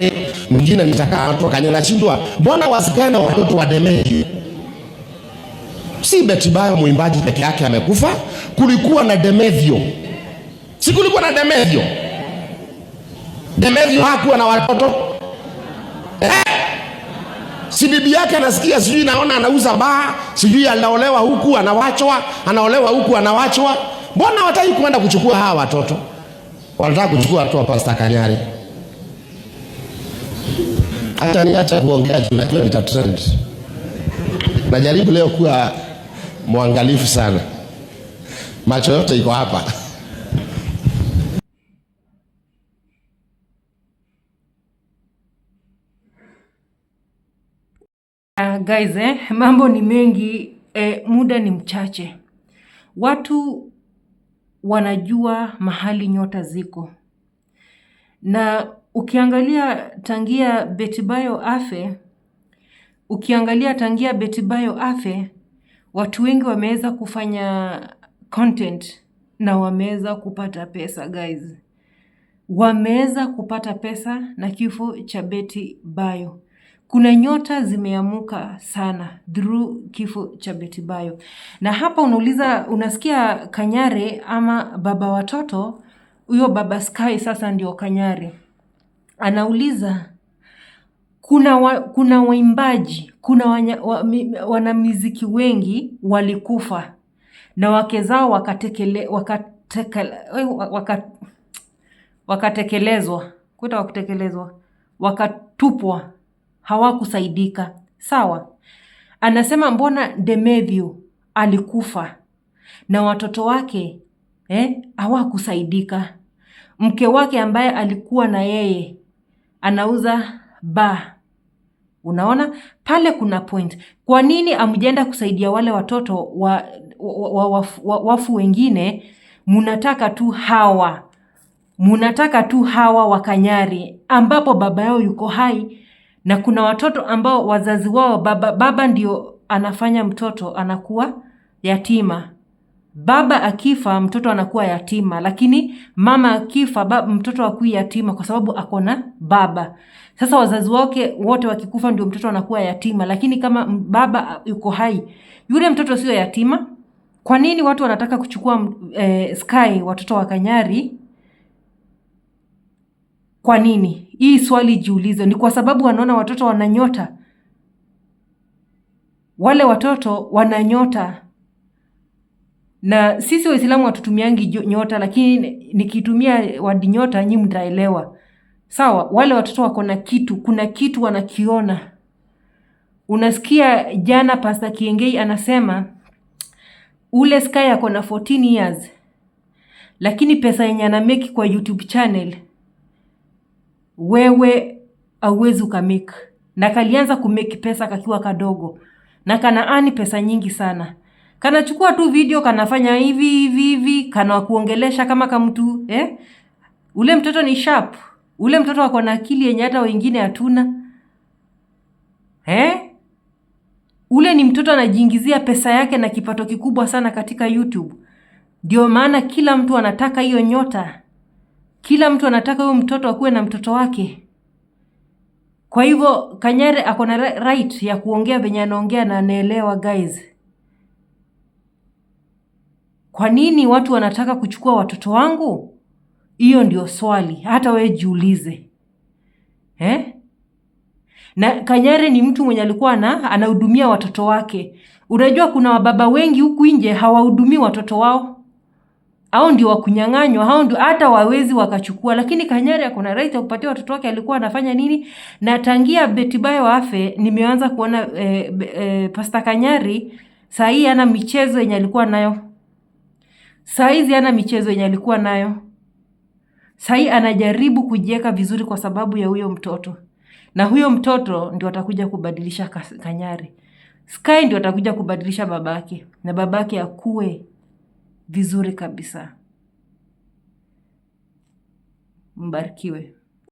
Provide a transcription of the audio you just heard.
pale, mwingine nitakaa anatoka nje. mbona wasikana watoto wademei? Si Betibayo mwimbaji peke yake amekufa, kulikuwa na Demethio. Si kulikuwa na Demethio? Demethio hakuwa na watoto eh? Si bibi yake anasikia, sijui naona anauza baa, sijui anaolewa huku anawachwa, anaolewa huku anawachwa. Mbona wataki kuenda kuchukua hawa watoto? Wanataka kuchukua watu wa pasta Kanyari. Hata niacha kuongea, najua nitatrend. Najaribu leo kuwa mwangalifu sana, macho yote iko hapa. Ah, guys eh, mambo ni mengi eh, muda ni mchache. Watu wanajua mahali nyota ziko na ukiangalia tangia Betibayo afe, ukiangalia tangia Betibayo afe, watu wengi wameweza kufanya content na wameweza kupata pesa guys, wameweza kupata pesa na kifo cha Beti Bayo. Kuna nyota zimeamuka sana through kifo cha Beti Bayo, na hapa unauliza, unasikia Kanyare ama baba watoto? Huyo baba Sky sasa ndio Kanyare anauliza kuna wa, kuna waimbaji kuna wa, wanamiziki wengi walikufa na wake zao wakatekele, wakatekele, waka, wakatekelezwa kuta wakutekelezwa wakatupwa, hawakusaidika. Sawa, anasema mbona Demethius alikufa na watoto wake eh, hawakusaidika? Mke wake ambaye alikuwa na yeye anauza ba. Unaona pale kuna point. Kwa nini amjenda kusaidia wale watoto wa, wa, wa, wa, wa, wafu wengine? Munataka tu hawa, munataka tu hawa wakanyari, ambapo baba yao yuko hai, na kuna watoto ambao wazazi wao baba, baba ndio anafanya mtoto anakuwa yatima. Baba akifa mtoto anakuwa yatima, lakini mama akifa mtoto akui yatima kwa sababu ako na baba. Sasa wazazi wake wote wakikufa ndio mtoto anakuwa yatima, lakini kama baba yuko hai yule mtoto sio yatima. Kwa nini watu wanataka kuchukua eh, Sky watoto wa Kanyari? Kwa nini hii swali jiulize? Ni kwa sababu wanaona watoto wananyota, wale watoto wananyota na sisi Waislamu hatutumiangi nyota, lakini nikitumia wadi nyota nyi mtaelewa. Sawa, wale watoto wako na kitu, kuna kitu wanakiona. Unasikia jana Pasta Kiengei anasema ule Sky ako na 14 years, lakini pesa yenye anameki kwa YouTube channel wewe auwezi ukamake, na kalianza kumeki pesa kakiwa kadogo na kana ani pesa nyingi sana kanachukua tu video kanafanya hivi hivi hivi, kanakuongelesha kama kamtu eh? Ule mtoto ni sharp, ule mtoto ako na akili yenye hata wengine hatuna eh? Ule ni mtoto anajiingizia pesa yake na kipato kikubwa sana katika YouTube. Ndio maana kila mtu anataka hiyo nyota, kila mtu anataka huyo mtoto akuwe na mtoto wake. Kwa hivyo Kanyare ako na right ya kuongea venye anaongea na anaelewa guys. Kwa nini watu wanataka kuchukua watoto wangu? Hiyo ndio swali, hata we jiulize eh? Na Kanyare ni mtu mwenye alikuwa na anahudumia watoto wake. Unajua kuna wababa wengi huku nje hawahudumii watoto wao, hao ndio wakunyang'anywa, hao ndio hata wawezi wakachukua. Lakini Kanyare ako na right ya kupatia watoto wake. Alikuwa anafanya nini? Na tangia Betty afe, nimeanza kuona eh, eh, Pastor Kanyari saa hii ana michezo yenye alikuwa nayo. Saizi hana michezo yenye alikuwa nayo. Sai anajaribu kujieka vizuri kwa sababu ya huyo mtoto, na huyo mtoto ndio atakuja kubadilisha Kanyari. Sky ndio atakuja kubadilisha babake, na babake akuwe vizuri kabisa. Mbarikiwe.